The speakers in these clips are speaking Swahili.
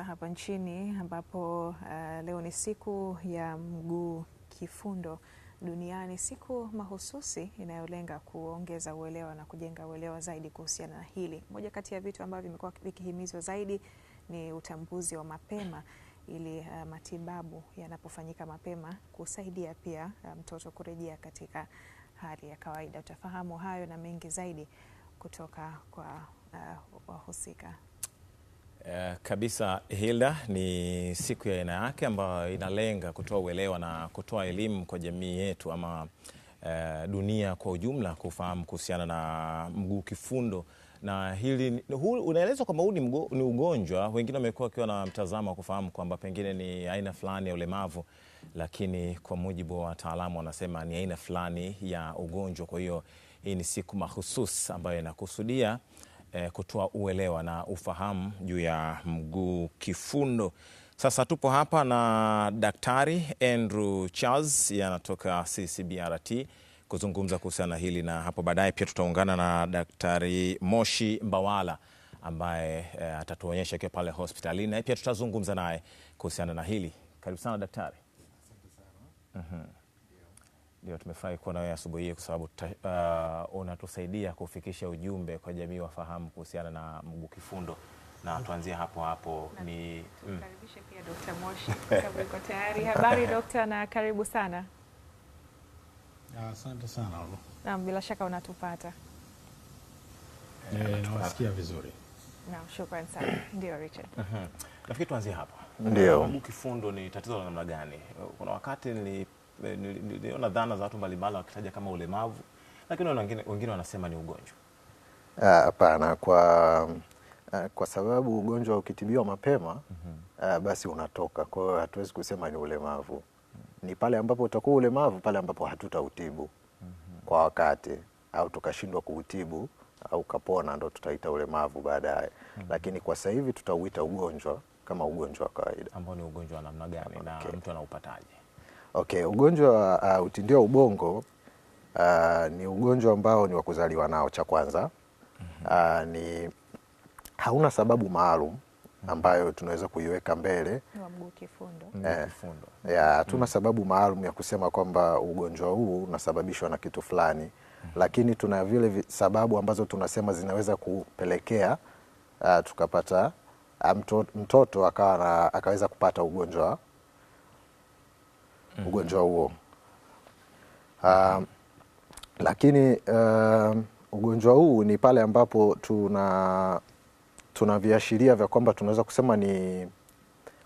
sasa hapa nchini ambapo uh, leo ni siku ya mguu kifundo duniani, siku mahususi inayolenga kuongeza uelewa na kujenga uelewa zaidi kuhusiana na hili. Moja kati ya vitu ambavyo vimekuwa vikihimizwa zaidi ni utambuzi wa mapema ili uh, matibabu yanapofanyika mapema kusaidia pia eh, mtoto um, kurejea katika hali ya kawaida. Utafahamu hayo na mengi zaidi kutoka kwa wahusika Eh, kabisa Hilda, ni siku ya aina yake ambayo inalenga kutoa uelewa na kutoa elimu kwa jamii yetu ama uh, dunia kwa ujumla kufahamu kuhusiana na mguu kifundo, na hili unaelezwa kwamba huu ni ugonjwa. Wengine wamekuwa wakiwa na mtazamo wa kufahamu kwamba pengine ni aina fulani ya ulemavu, lakini kwa mujibu wa wataalamu wanasema ni aina fulani ya ugonjwa. Kwa hiyo hii ni siku mahususi ambayo inakusudia eh, kutoa uelewa na ufahamu juu ya mguu kifundo. Sasa tupo hapa na Daktari Andrew Charles anatoka CCBRT kuzungumza kuhusiana na hili, na hapo baadaye pia tutaungana na Daktari Moshi Mbawala ambaye eh, atatuonyesha akiwa pale hospitalini, na pia tutazungumza naye kuhusiana na hili. Karibu sana daktari. Asante sana. Mhm. Ndio, tumefurahi kuwa na wewe asubuhi hii kwa sababu uh, unatusaidia kufikisha ujumbe kwa jamii wafahamu kuhusiana na mguu kifundo na tuanzie hapo hapo na, ni mm. tukaribishe mm. pia Dr. Moshi kama yuko tayari. Habari Dr. na karibu sana. Asante uh, sana. Naam, bila shaka unatupata. Eh, nawasikia vizuri. Naam, shukrani sana. Ndio Richard. Mhm. Nafikiri tuanzie hapo. Ndio. Mguu kifundo ni tatizo la namna gani? Kuna wakati nili Eh, niliona dhana za watu mbalimbali wakitaja kama ulemavu, lakini wengine, wengine wanasema ni ugonjwa. Ah, hapana, kwa ah, kwa sababu ugonjwa ukitibiwa mapema mm -hmm. basi unatoka. Kwa hiyo hatuwezi kusema ni ulemavu mm -hmm. ni pale ambapo utakuwa ulemavu pale ambapo hatutautibu mm -hmm. kwa wakati au tukashindwa kuutibu au kapona, ndo tutaita ulemavu baadaye mm -hmm. lakini kwa sasa hivi tutauita ugonjwa kama ugonjwa wa kawaida. Ambao ni ugonjwa wa namna gani? Okay. na mtu anaupataje? Okay, ugonjwa wa uh, utindio wa ubongo uh, ni ugonjwa ambao ni wa kuzaliwa nao cha kwanza. Mhm. Uh, ni hauna sababu maalum ambayo tunaweza kuiweka mbele kifundo. Eh, kifundo. Ya, hatuna mm. sababu maalum ya kusema kwamba ugonjwa huu unasababishwa na kitu fulani, mm. lakini tuna vile sababu ambazo tunasema zinaweza kupelekea uh, tukapata uh, mtoto, mtoto akawa akaweza kupata ugonjwa mm ugonjwa huo uh, lakini uh, ugonjwa huu ni pale ambapo tuna tuna viashiria vya kwamba tunaweza kusema ni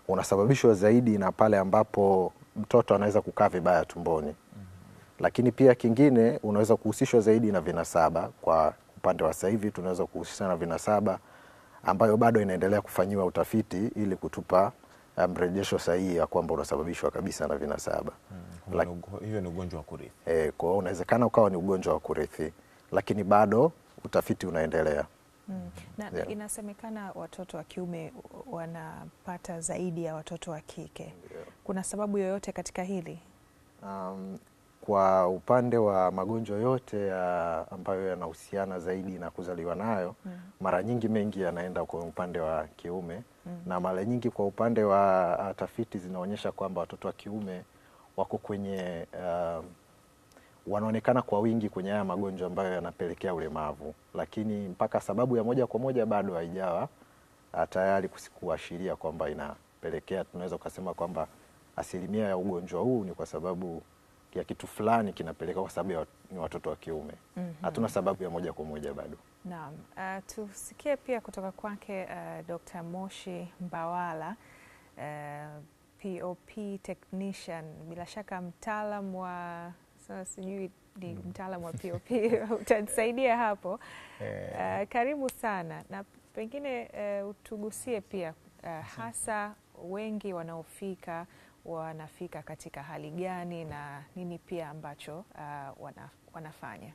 unasababishwa zaidi na pale ambapo mtoto anaweza kukaa vibaya tumboni. mm -hmm. Lakini pia kingine unaweza kuhusishwa zaidi na vinasaba. Kwa upande wa sasa hivi tunaweza kuhusisha na vinasaba ambayo bado inaendelea kufanyiwa utafiti ili kutupa mrejesho sahihi ya kwamba unasababishwa kabisa na vinasaba. Hmm, hiyo ni ugonjwa wa kurithi eh, kwa hiyo unawezekana ukawa ni ugonjwa wa kurithi, lakini bado utafiti unaendelea. Mm. Na yeah. Inasemekana watoto wa kiume wanapata zaidi ya watoto wa kike yeah. Kuna sababu yoyote katika hili? Um, kwa upande wa magonjwa yote ya ambayo yanahusiana zaidi na kuzaliwa nayo, mm. Mara nyingi mengi yanaenda kwa upande wa kiume na mara nyingi kwa upande wa uh, tafiti zinaonyesha kwamba watoto wa kiume wako kwenye uh, wanaonekana kwa wingi kwenye haya magonjwa ambayo yanapelekea ulemavu, lakini mpaka sababu ya moja kwa moja bado haijawa uh, tayari kusikuashiria kwamba inapelekea, tunaweza ukasema kwamba asilimia ya ugonjwa huu ni kwa sababu ya kitu fulani kinapeleka kwa sababu ya ni watoto wa kiume. Mm-hmm. Hatuna mm -hmm. sababu ya moja kwa moja bado. Naam, uh, tusikie pia kutoka kwake uh, eh, Dr. Moshi Mbawala uh, eh, POP technician, bila shaka mtaalam wa sasa, sijui ni mm. mtaalam wa POP utanisaidia hapo uh, karibu sana na pengine uh, utugusie pia uh, hasa wengi wanaofika wanafika katika hali gani na nini pia ambacho uh, wana, wanafanya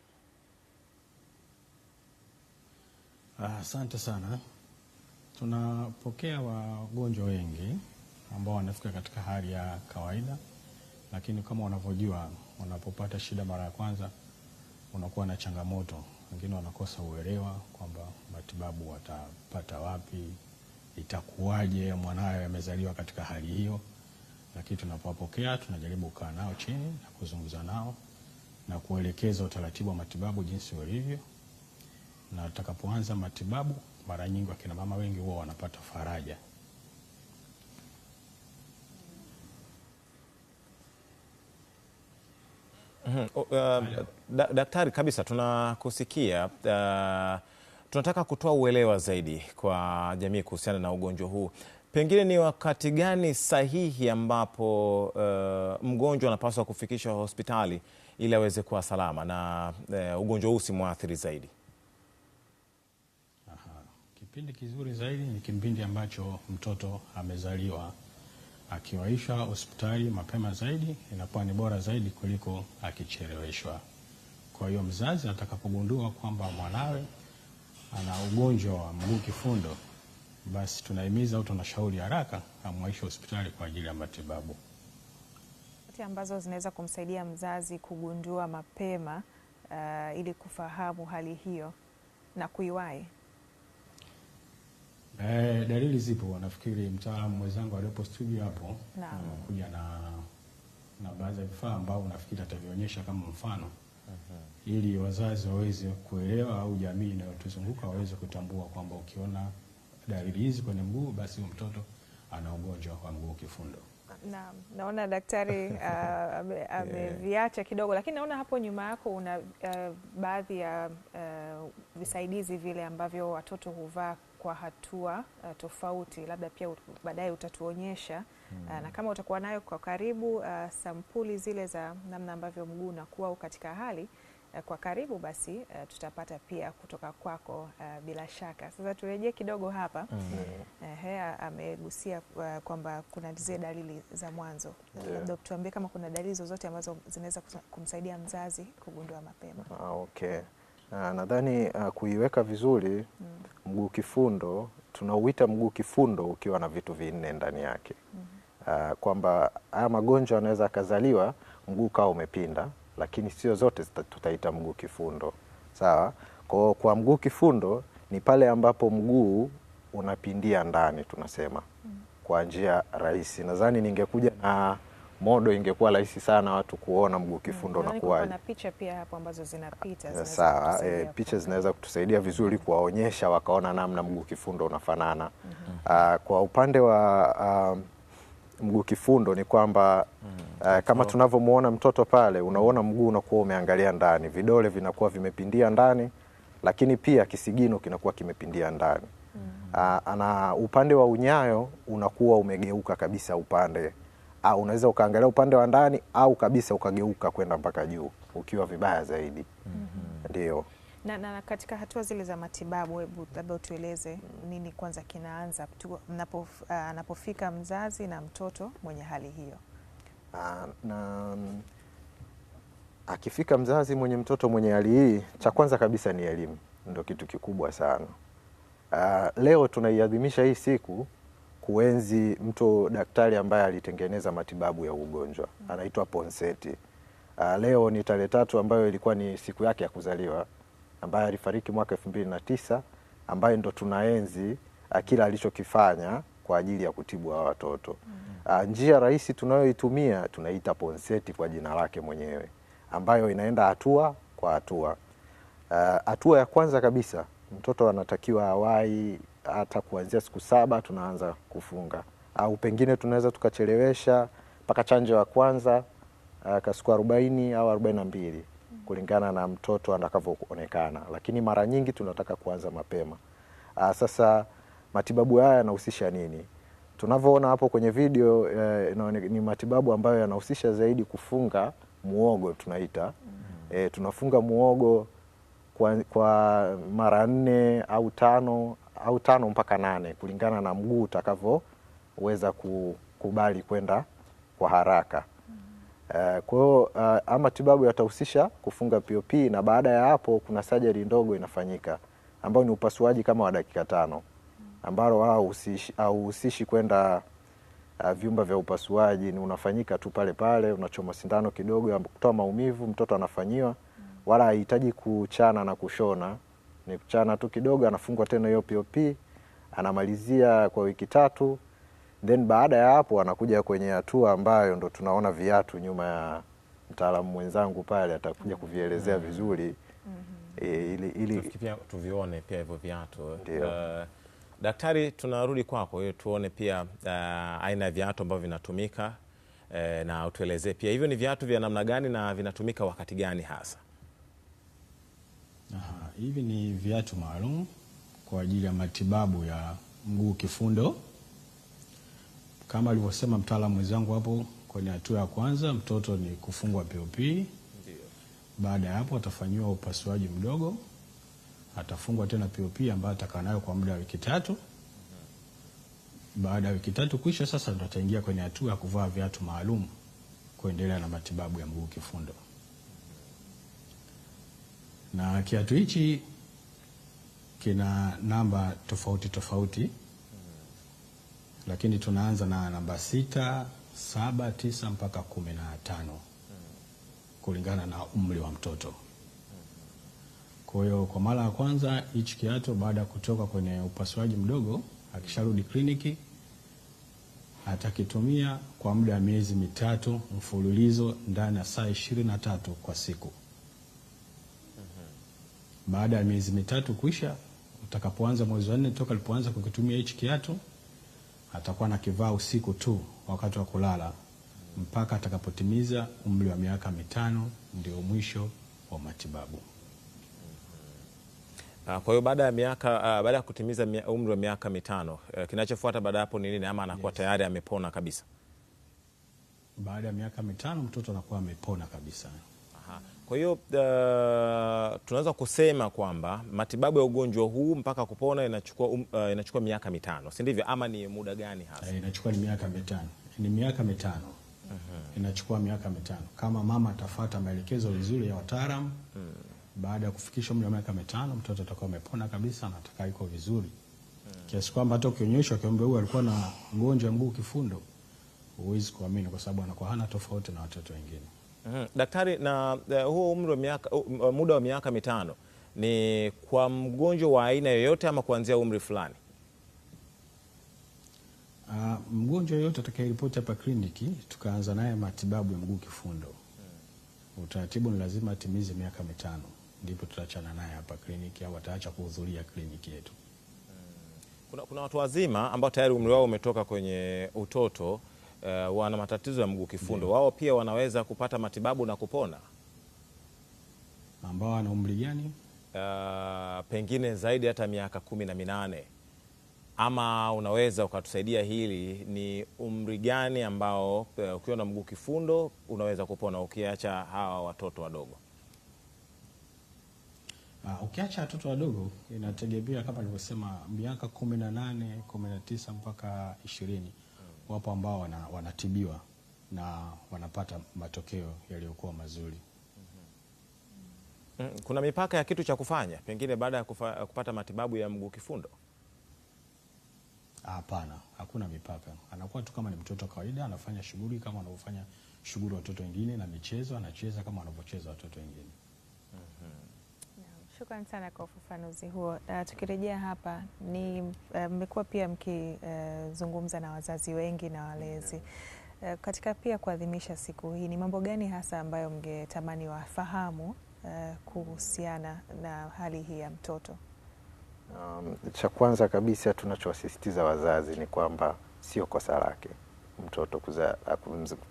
Ah, asante uh, sana. Tunapokea wagonjwa wengi ambao wanafika katika hali ya kawaida, lakini kama wanavyojua wanapopata shida mara ya kwanza unakuwa na changamoto. Wengine wanakosa uelewa kwamba matibabu watapata wapi, itakuwaje, mwanawe amezaliwa katika hali hiyo. Lakini tunapowapokea tunajaribu kukaa nao chini na kuzungumza nao na kuelekeza utaratibu wa matibabu jinsi ulivyo na atakapoanza matibabu, mara nyingi wakina mama wengi huwa wanapata faraja. Mm -hmm. Uh, daktari kabisa tunakusikia. Uh, tunataka kutoa uelewa zaidi kwa jamii kuhusiana na ugonjwa huu. Pengine ni wakati gani sahihi ambapo uh, mgonjwa anapaswa kufikishwa hospitali ili aweze kuwa salama na uh, ugonjwa huu usimwathiri zaidi? Kipindi kizuri zaidi ni kipindi ambacho mtoto amezaliwa. Akiwaishwa hospitali mapema zaidi inakuwa ni bora zaidi kuliko akicheleweshwa. Kwa hiyo mzazi atakapogundua kwamba mwanawe ana ugonjwa wa mguu kifundo, basi tunahimiza au tunashauri haraka amwaishe hospitali kwa ajili ya matibabu ambazo zinaweza kumsaidia mzazi kugundua mapema uh, ili kufahamu hali hiyo na kuiwahi. Eh, dalili zipo. Nafikiri mtaalamu mwenzangu aliyepo studio hapo kuja na na baadhi ya vifaa ambao nafikiri atavionyesha kama mfano uh-huh. ili wazazi waweze kuelewa au jamii inayotuzunguka waweze kutambua kwamba ukiona dalili hizi kwenye mguu, basi mtoto ana ugonjwa wa mguu kifundo. Na, naona daktari uh, ameviacha ame kidogo, lakini naona hapo nyuma yako una uh, baadhi ya uh, visaidizi vile ambavyo watoto huvaa kwa hatua uh, tofauti, labda pia baadaye utatuonyesha mm. uh, hmm. na kama utakuwa nayo kwa karibu uh, sampuli zile za namna ambavyo mguu unakuwa katika hali uh, kwa karibu, basi uh, tutapata pia kutoka kwako uh, bila shaka. Sasa turejee kidogo hapa mm. uh, he, amegusia uh, kwamba kuna zile dalili za mwanzo yeah. labda tuambie kama kuna dalili zozote ambazo zinaweza kumsaidia mzazi kugundua mapema. ah, okay. Ah, nadhani uh, kuiweka vizuri mm. mguu kifundo tunauita mguu kifundo ukiwa na vitu vinne ndani yake mm. uh, kwamba haya magonjwa yanaweza akazaliwa mguu kawa umepinda, lakini sio zote tutaita mguu kifundo sawa. Kwa, kwa mguu kifundo ni pale ambapo mguu unapindia ndani, tunasema mm. kwa njia rahisi, nadhani ningekuja na modo ingekuwa rahisi sana watu kuona mguu kifundo mm, na Picha pia hapo ambazo zinapita eh, sawa, e, picha zinaweza kutusaidia vizuri kuwaonyesha wakaona namna mguu kifundo unafanana. mm -hmm. Uh, kwa upande wa uh, mguu kifundo ni kwamba uh, kama tunavyomwona mtoto pale, unaona mguu unakuwa umeangalia ndani, vidole vinakuwa vimepindia ndani, lakini pia kisigino kinakuwa kimepindia ndani. mm -hmm. Uh, ah, na upande wa unyayo unakuwa umegeuka kabisa upande au unaweza ukaangalia upande wa ndani au kabisa ukageuka kwenda mpaka juu ukiwa vibaya zaidi. mm -hmm. Ndio. Na, na katika hatua zile za matibabu, hebu labda utueleze nini kwanza kinaanza ah, anapofika uh, mzazi na mtoto mwenye hali hiyo? Uh, na akifika mzazi mwenye mtoto mwenye hali hii, cha kwanza kabisa ni elimu, ndio kitu kikubwa sana. Uh, leo tunaiadhimisha hii siku kuenzi mtu daktari ambaye alitengeneza matibabu ya ugonjwa anaitwa Ponseti. Uh, leo ni tarehe tatu ambayo ilikuwa ni siku yake ya kuzaliwa ambaye alifariki mwaka elfu mbili na tisa ambaye ndo tunaenzi uh, kila alichokifanya kwa ajili ya kutibu wa watoto uh, njia rahisi tunayoitumia tunaita Ponseti kwa jina lake mwenyewe ambayo inaenda hatua kwa hatua. Hatua uh, ya kwanza kabisa mtoto anatakiwa awai hata kuanzia siku saba tunaanza kufunga, au pengine tunaweza tukachelewesha mpaka chanjo ya kwanza uh, eh, siku arobaini au arobaini na mbili kulingana na mtoto atakavyoonekana, lakini mara nyingi tunataka kuanza mapema. Uh, sasa matibabu haya yanahusisha nini? Tunavyoona hapo kwenye video eh, ni matibabu ambayo yanahusisha zaidi kufunga muogo tunaita. mm -hmm. Eh, tunafunga muogo kwa, kwa mara nne au tano au tano mpaka nane kulingana na mguu utakavyoweza kukubali kwenda kwa haraka. Uh, kwa hiyo uh, tibabu yatahusisha kufunga POP na baada ya hapo kuna sajari ndogo inafanyika ambayo ni upasuaji kama wa dakika tano ambalo hauhusishi kwenda uh, vyumba vya upasuaji, ni unafanyika tu pale pale, unachoma sindano kidogo ya kutoa maumivu, mtoto anafanyiwa, wala hahitaji kuchana na kushona ni kuchana tu kidogo, anafungwa tena hiyo POP, anamalizia kwa wiki tatu, then baada ya hapo anakuja kwenye hatua ambayo ndo tunaona viatu nyuma ya mtaalamu mwenzangu pale atakuja kuvielezea mm-hmm. vizuri e, ili, ili... Pia tuvione pia hivyo viatu uh, daktari, tunarudi kwako ili tuone pia uh, aina ya viatu ambavyo vinatumika uh, na utuelezee pia hivyo ni viatu vya namna gani na vinatumika wakati gani hasa? Aha, hivi ni viatu maalum kwa ajili ya matibabu ya mguu kifundo. Kama alivyosema mtaalamu mwenzangu hapo kwenye hatua ya kwanza, mtoto ni kufungwa POP. Baada ya hapo atafanyiwa upasuaji mdogo, atafungwa tena POP ambayo atakaa nayo kwa muda wa wiki tatu. Mhm. Baada ya wiki tatu kwisha, sasa ndo ataingia kwenye hatua ya kuvaa viatu maalum kuendelea na matibabu ya mguu kifundo na kiatu hichi kina namba tofauti tofauti, lakini tunaanza na namba sita, saba, tisa mpaka kumi na tano kulingana na umri wa mtoto. Kwa hiyo kwa mara ya kwanza hichi kiatu baada ya kutoka kwenye upasuaji mdogo, akisharudi kliniki atakitumia kwa muda wa miezi mitatu mfululizo ndani ya saa ishirini na tatu kwa siku baada ya miezi mitatu kuisha, utakapoanza mwezi wa nne toka alipoanza kukitumia hichi kiatu, atakuwa nakivaa usiku tu wakati wa kulala mpaka atakapotimiza umri wa miaka mitano, ndio mwisho wa matibabu. Ah, kwa hiyo baada ya miaka ah, baada ya kutimiza umri wa miaka mitano, eh, kinachofuata baada hapo ni nini? Ama anakuwa yes, tayari amepona kabisa. Baada ya miaka mitano mtoto anakuwa amepona kabisa. Kwa hiyo uh, tunaweza kusema kwamba matibabu ya ugonjwa huu mpaka kupona inachukua, um, uh, inachukua miaka mitano, si ndivyo? Ama ni muda gani hasa? Eh, inachukua ni miaka mitano, ni miaka mitano. uh mhm. -huh. Inachukua miaka mitano kama mama atafata maelekezo vizuri ya wataalamu uh mm. -huh. Baada ya kufikisha umri wa miaka mitano mtoto atakuwa amepona kabisa na atakaa vizuri uh mm. -huh. Kiasi kwamba hata ukionyeshwa kiumbe huyu alikuwa na ugonjwa mguu kifundo, huwezi kuamini kwa sababu anakuwa hana tofauti na watoto wengine. Mm -hmm. Daktari, na uh, huo umri wa miaka uh, muda wa miaka mitano ni kwa mgonjwa wa aina yoyote ama kuanzia umri fulani? Uh, mgonjwa yoyote atakayeripoti hapa kliniki tukaanza naye matibabu ya mguu kifundo, hmm. Utaratibu ni lazima atimize miaka mitano ndipo tutaachana naye hapa kliniki au ataacha kuhudhuria kliniki yetu. Hmm. Kuna, kuna watu wazima ambao tayari umri wao umetoka kwenye utoto uh, wana matatizo ya mguu kifundo, wao pia wanaweza kupata matibabu na kupona. Ambao ana umri gani? Uh, pengine zaidi hata miaka kumi na minane ama unaweza ukatusaidia hili, ni umri gani ambao eh, ukiwa na mguu kifundo unaweza kupona ukiacha hawa watoto wadogo? Uh, ukiacha watoto wadogo inategemea kama nilivyosema, miaka kumi na nane, kumi na tisa mpaka ishirini wapo ambao wana, wanatibiwa na wanapata matokeo yaliyokuwa mazuri. Mm-hmm. Mm, kuna mipaka ya kitu cha kufanya pengine baada ya kufa, kupata matibabu ya mguu kifundo? Hapana, hakuna mipaka. Anakuwa tu kama ni mtoto kawaida, anafanya shughuli kama anavyofanya shughuli watoto wengine, na michezo anacheza kama wanavyocheza watoto wengine. mm -hmm. Shukrani sana kwa ufafanuzi huo. Uh, tukirejea hapa ni eh, mmekuwa uh, pia mkizungumza eh, uh, na wazazi wengi na walezi uh, katika pia kuadhimisha siku hii, ni mambo gani hasa ambayo mngetamani wafahamu uh, kuhusiana na hali hii ya mtoto? Um, cha kwanza kabisa tunachowasisitiza wazazi ni kwamba sio kosa lake mtoto kuza,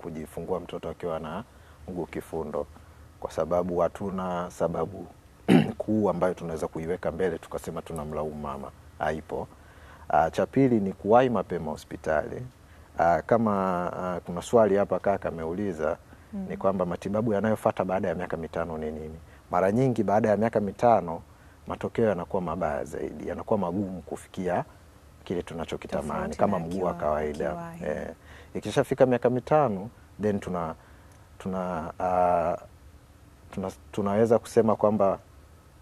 kujifungua mtoto akiwa na mguu kifundo, kwa sababu hatuna sababu kuu ambayo tunaweza kuiweka mbele tukasema tunamlaumu mama, haipo. Ah, cha pili ni kuwahi mapema hospitali. Ah, kama ah, kuna swali hapa kaka ameuliza mm ni kwamba matibabu yanayofuata baada ya miaka mitano ni nini? Mara nyingi baada ya miaka mitano matokeo yanakuwa mabaya zaidi, yanakuwa magumu kufikia kile tunachokitamani kama mguu wa kawaida. Eh, ikishafika miaka mitano then tuna, tuna, uh, tuna tunaweza kusema kwamba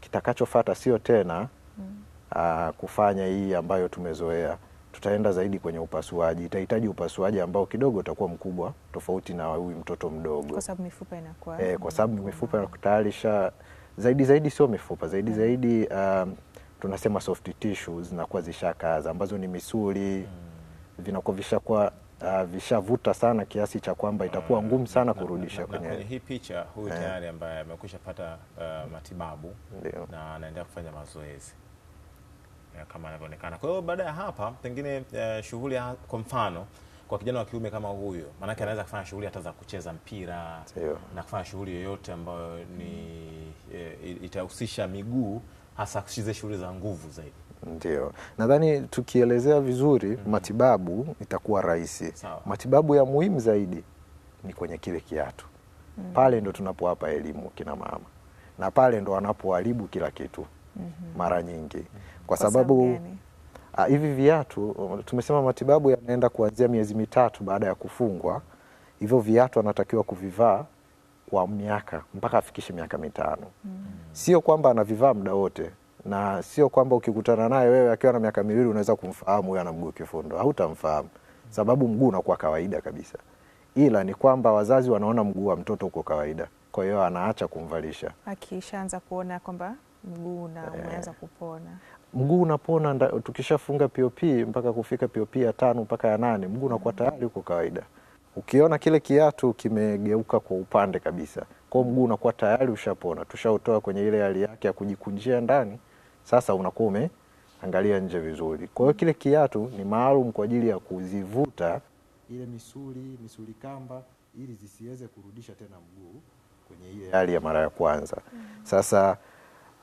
kitakachofata sio tena mm. uh, kufanya hii ambayo tumezoea, tutaenda zaidi kwenye upasuaji. Itahitaji upasuaji ambao kidogo utakuwa mkubwa tofauti na huyu mtoto mdogo, kwa sababu mifupa inakuwa eh, kwa sababu mifupa tayari sha zaidi zaidi, sio mifupa zaidi mm. zaidi uh, tunasema soft tissue zinakuwa zishakaza ambazo ni misuli mm. vinakuwa vishakuwa uh, vishavuta sana kiasi cha kwamba itakuwa ngumu sana kurudisha kwenye hii picha huyu yeah. tayari ambaye amekwisha pata uh, matibabu Ndiyo. na anaendelea kufanya mazoezi eh, kama anavyoonekana. Kwa hiyo baada ya hapa pengine uh, shughuli kwa mfano kwa kijana wa kiume kama huyo, maanake anaweza kufanya shughuli hata za kucheza mpira Tio. na kufanya shughuli yoyote ambayo ni e, itahusisha miguu hasa hizi shughuli za nguvu zaidi. Ndio, nadhani tukielezea vizuri mm -hmm. matibabu itakuwa rahisi. Matibabu ya muhimu zaidi ni kwenye kile kiatu mm -hmm. pale ndo tunapowapa elimu kina mama na pale ndo wanapoharibu kila kitu mm -hmm. mara nyingi mm -hmm. kwa sababu a, ah, hivi viatu tumesema matibabu yanaenda kuanzia miezi mitatu baada ya kufungwa, hivyo viatu anatakiwa kuvivaa kwa miaka mpaka afikishe miaka mitano mm -hmm. sio kwamba anavivaa muda wote na sio kwamba ukikutana naye wewe akiwa na miaka miwili unaweza kumfahamu huyo ana mguu kifundo, hautamfahamu sababu mguu unakuwa kawaida kabisa, ila ni kwamba wazazi wanaona mguu wa mtoto uko kawaida, kwa hiyo anaacha kumvalisha akishaanza kuona kwamba mguu eh. umeanza kupona. Mguu unapona, tukishafunga POP mpaka kufika POP ya tano mpaka ya nane, mguu unakuwa mm. tayari uko kawaida. Ukiona kile kiatu kimegeuka kwa upande kabisa, kwa mguu unakuwa tayari ushapona, tushautoa kwenye ile hali yake ya kujikunjia ndani sasa unakuwa umeangalia nje vizuri. Kwa hiyo kile kiatu ni maalum kwa ajili ya kuzivuta ile misuli, misuli kamba ili zisiweze kurudisha tena mguu kwenye ile hali ya mara ya kwanza. Mm. Sasa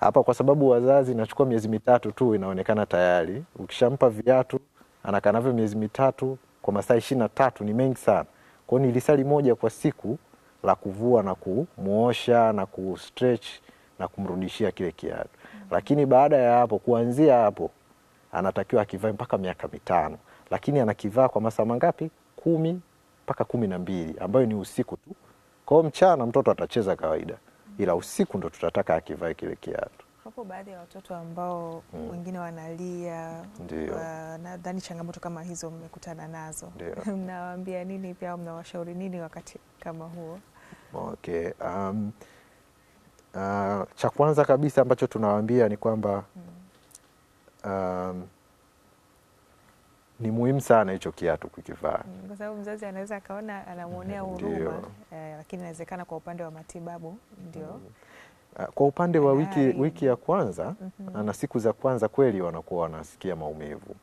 hapa kwa sababu wazazi inachukua miezi mitatu tu, inaonekana tayari ukishampa viatu anakaa navyo miezi mitatu kwa masaa ishirini na tatu ni mengi sana. Kwa hiyo ni lisali moja kwa siku la kuvua na kumuosha na kustretch na kumrudishia kile kiatu. Lakini baada ya hapo, kuanzia hapo anatakiwa akivae mpaka miaka mitano, lakini anakivaa kwa masaa mangapi? Kumi mpaka kumi na mbili, ambayo ni usiku tu. Kwao mchana mtoto atacheza kawaida, ila usiku ndo tutataka akivae kile kiatu. Wapo baadhi ya watoto ambao mm. wengine wanalia. Ndio. Nadhani changamoto kama hizo mmekutana nazo. mnawaambia nini pia, mnawashauri nini wakati kama huo? Okay. Um, Uh, cha kwanza kabisa ambacho tunawaambia ni kwamba um, ni muhimu sana hicho kiatu kukivaa, mm, kwa sababu mzazi anaweza akaona anamwonea huruma eh, lakini inawezekana kwa upande wa matibabu ndio mm. Uh, kwa upande wa wiki, wiki ya kwanza mm -hmm. na siku za kwanza kweli wanakuwa wanasikia maumivu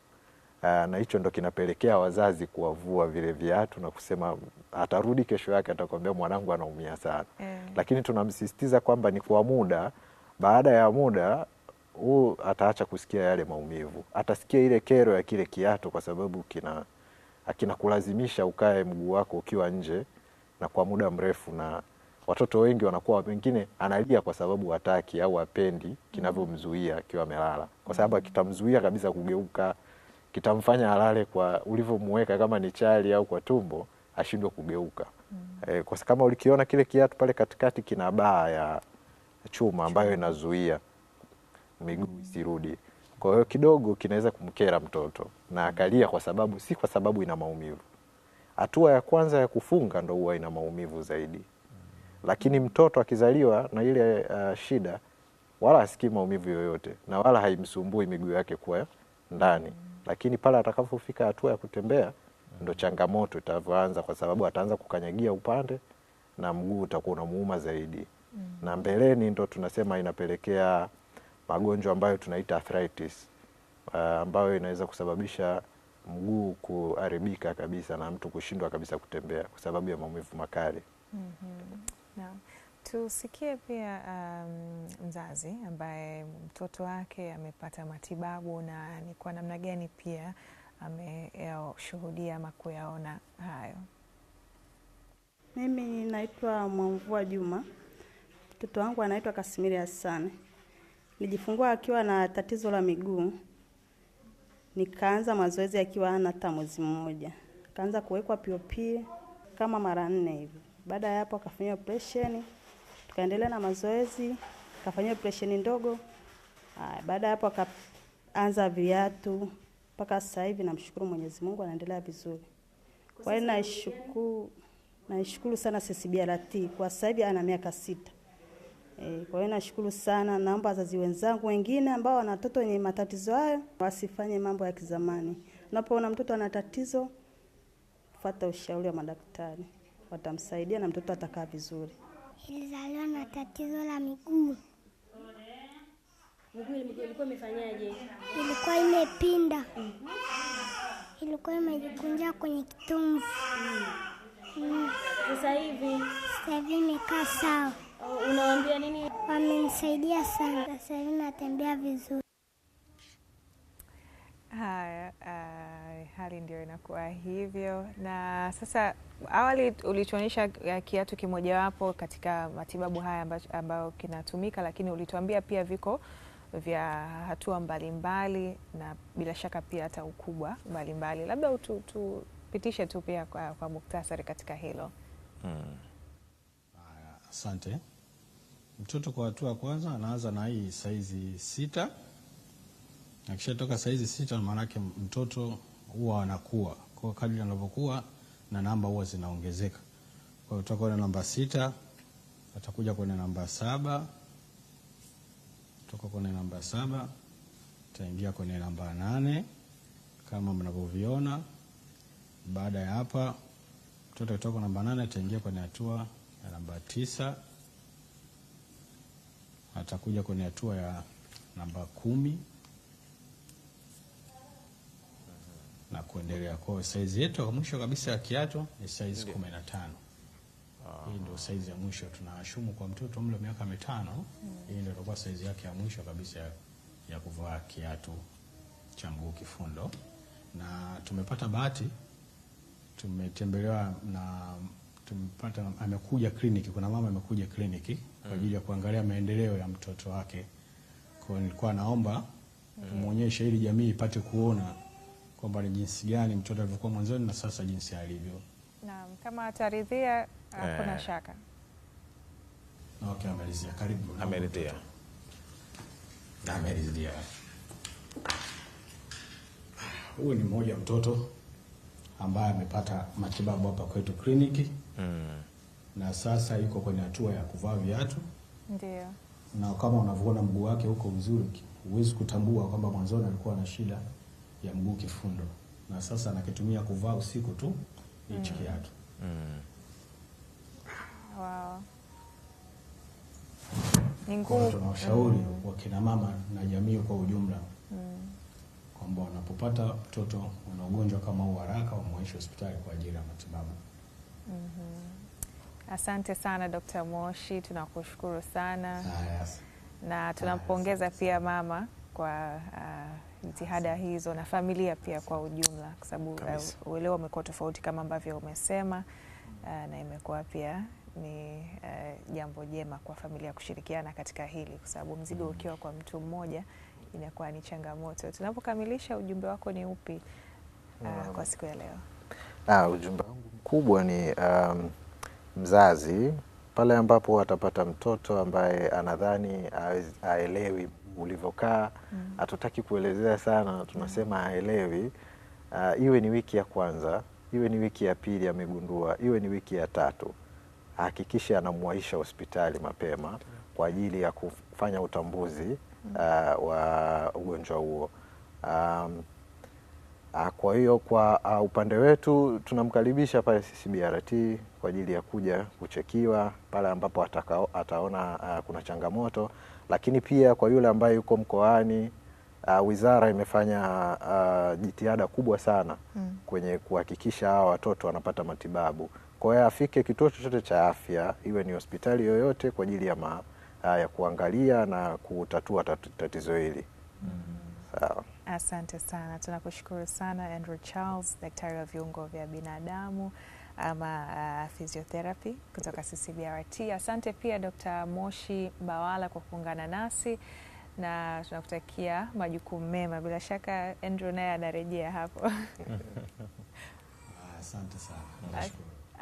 Ah, na hicho ndo kinapelekea wazazi kuwavua vile viatu na kusema atarudi kesho yake atakwambia mwanangu anaumia sana mm. Lakini tunamsisitiza kwamba ni kwa muda, baada ya muda huu ataacha kusikia yale maumivu, atasikia ile kero ya kile kiatu, kwa sababu kina akina kulazimisha ukae mguu wako ukiwa nje na kwa muda mrefu, na watoto wengi wanakuwa wengine analia kwa sababu hataki au apendi kinavyomzuia akiwa amelala, kwa sababu mm. akitamzuia kabisa kugeuka kitamfanya alale kwa ulivyomuweka, kama ni chali au kwa tumbo, ashindwe kugeuka mm. E, kwa kama ulikiona kile kiatu pale katikati kina baa ya chuma ambayo inazuia miguu isirudi, kwa hiyo kidogo kinaweza kumkera mtoto na mm. akalia, kwa sababu si kwa sababu ina maumivu. Hatua ya kwanza ya kufunga ndo huwa ina maumivu zaidi, mm. lakini mtoto akizaliwa na ile uh, shida wala asikii maumivu yoyote na wala haimsumbui miguu yake kwa ndani. mm lakini pale atakapofika hatua ya kutembea ndo changamoto itavyoanza, kwa sababu ataanza kukanyagia upande na mguu utakuwa unamuuma zaidi mm. na mbeleni ndo tunasema inapelekea magonjwa ambayo tunaita arthritis uh, ambayo inaweza kusababisha mguu kuharibika kabisa na mtu kushindwa kabisa kutembea kwa sababu ya maumivu makali mm -hmm. yeah. Tusikie pia um, mzazi ambaye mtoto wake amepata matibabu na ni kwa namna gani pia ameyashuhudia ama kuyaona hayo. Mimi naitwa Mwamvua Juma, mtoto wangu anaitwa Kasimiri hasani Nijifungua akiwa na tatizo la miguu, nikaanza mazoezi akiwa ana hata mwezi mmoja, kaanza kuwekwa POP kama mara nne hivi. Baada ya hapo, akafanyiwa operesheni tukaendelea na mazoezi, kafanyia operesheni ndogo. Baada ya hapo akaanza viatu mpaka sasa hivi, namshukuru Mwenyezi Mungu anaendelea vizuri. Kwa hiyo naishukuru naishukuru sana CCBRT kwa sasa hivi ana miaka sita. E, kwa hiyo nashukuru sana. Naomba wazazi wenzangu wengine ambao wana watoto wenye matatizo hayo wasifanye mambo ya kizamani. Unapoona mtoto ana tatizo, fuata ushauri wa madaktari, watamsaidia na mtoto atakaa vizuri ilizaliwa na tatizo la miguu. Miguu ilikuwa imefanyaje? Ilikuwa imepinda. Mm. Ilikuwa imejikunja kwenye kitumvu. Sasa hivi sasa hivi imekaa sawa. Unawaambia nini? Wamenisaidia sana, sasa hivi natembea vizuri. Haya, uh, hali ndio inakuwa hivyo. Na sasa awali ulituonyesha eh, kiatu kimojawapo katika matibabu haya ambayo kinatumika, lakini ulituambia pia viko vya hatua mbalimbali mbali, na bila shaka pia hata ukubwa mbalimbali. Labda tupitishe tu pia kwa, kwa muktasari katika hilo hmm. Asante. Mtoto kwa hatua ya kwanza anaanza na hii saizi sita Akishatoka saizi sita, maanake mtoto huwa anakuwa kwa kadri anavyokuwa, na namba huwa zinaongezeka. Kwa hiyo tutakuwa namba sita, atakuja kwenye namba saba, toka kwenye namba saba taingia kwenye namba nane kama mnavyoviona. Baada ya hapa mtoto kutoka namba nane ataingia kwenye hatua ya namba tisa, atakuja kwenye hatua ya namba kumi. na kuendelea. Kwa hiyo saizi yetu ya mwisho kabisa ya kiatu ni saizi kumi na tano. Ah. Hii ndio saizi ya mwisho tunashumu kwa mtoto mle miaka mitano. Hmm. Hii ndio itakuwa saizi yake ya mwisho kabisa ya, ya kuvaa kiatu cha mguu kifundo, na tumepata bahati, tumetembelewa na tumepata, amekuja kliniki, kuna mama amekuja kliniki kwa hmm. ajili ya kuangalia maendeleo ya mtoto wake. Kwa hiyo nilikuwa naomba hmm. tumuonyeshe ili jamii ipate kuona kwamba ni jinsi gani mtoto alivyokuwa mwanzoni na sasa jinsi alivyo. Naam, kama ataridhia hakuna ah, eh. shaka. Okay, ameridhia. Karibu. Ameridhia. Ameridhia. Huyu ni mmoja mtoto ambaye amepata matibabu hapa kwetu kliniki mm. na sasa yuko kwenye hatua ya kuvaa viatu ndio, na kama unavyoona mguu wake huko vizuri, huwezi kutambua kwamba mwanzoni alikuwa na shida ya mguu kifundo, na sasa anakitumia kuvaa usiku tu hichi mm. kiatu mm. wow. Tunawashauri mm. wakina mama na jamii kwa ujumla mm. kwamba wanapopata mtoto ana ugonjwa kama huu, haraka wamwaishe hospitali kwa ajili ya matibabu mm -hmm. Asante sana Dr. Moshi, tunakushukuru sana. yes. na tunampongeza pia mama kwa uh, jitihada hizo na familia pia kwa ujumla, kwa sababu uh, uelewa umekuwa tofauti kama ambavyo umesema uh, na imekuwa pia ni uh, jambo jema kwa familia kushirikiana katika hili, kwa sababu mzigo mm. ukiwa kwa mtu mmoja inakuwa ni changamoto. Tunapokamilisha, ujumbe wako ni upi uh, kwa siku ya leo? Ah, ujumbe wangu mkubwa ni um, mzazi pale ambapo atapata mtoto ambaye anadhani aelewi ulivyokaa, mm. hatutaki kuelezea sana, tunasema mm. aelewi Uh, ah, iwe ni wiki ya kwanza, iwe ni wiki ya pili amegundua, iwe ni wiki ya tatu, hakikisha anamwaisha hospitali mapema kwa ajili ya kufanya utambuzi uh, wa ugonjwa huo um, kwa hiyo kwa uh, upande wetu tunamkaribisha pale CCBRT kwa ajili ya kuja kuchekiwa pale ambapo atakao, ataona uh, kuna changamoto lakini pia kwa yule ambaye yuko mkoani uh, wizara imefanya uh, jitihada kubwa sana mm. kwenye kuhakikisha hawa watoto wanapata matibabu. Kwa hiyo afike kituo chochote cha afya, iwe ni hospitali yoyote kwa ajili ya, uh, ya kuangalia na kutatua tatizo hili mm. Sawa. Asante sana, tunakushukuru sana Andrew Charles, daktari wa viungo vya binadamu ama uh, physiotherapy kutoka CCBRT. Asante pia Dr. Moshi Bawala kwa kuungana nasi na tunakutakia majukumu mema. Bila shaka Andrew naye anarejea hapo. Asante sana.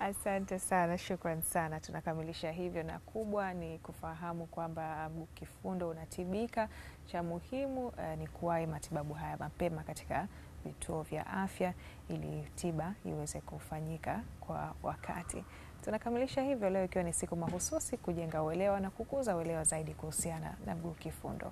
Asante sana, shukran sana. Tunakamilisha hivyo, na kubwa ni kufahamu kwamba um, kifundo unatibika. Cha muhimu uh, ni kuwahi matibabu haya mapema katika vituo vya afya ili tiba iweze kufanyika kwa wakati. Tunakamilisha hivyo leo ikiwa ni siku mahususi kujenga uelewa na kukuza uelewa zaidi kuhusiana na mguu kifundo.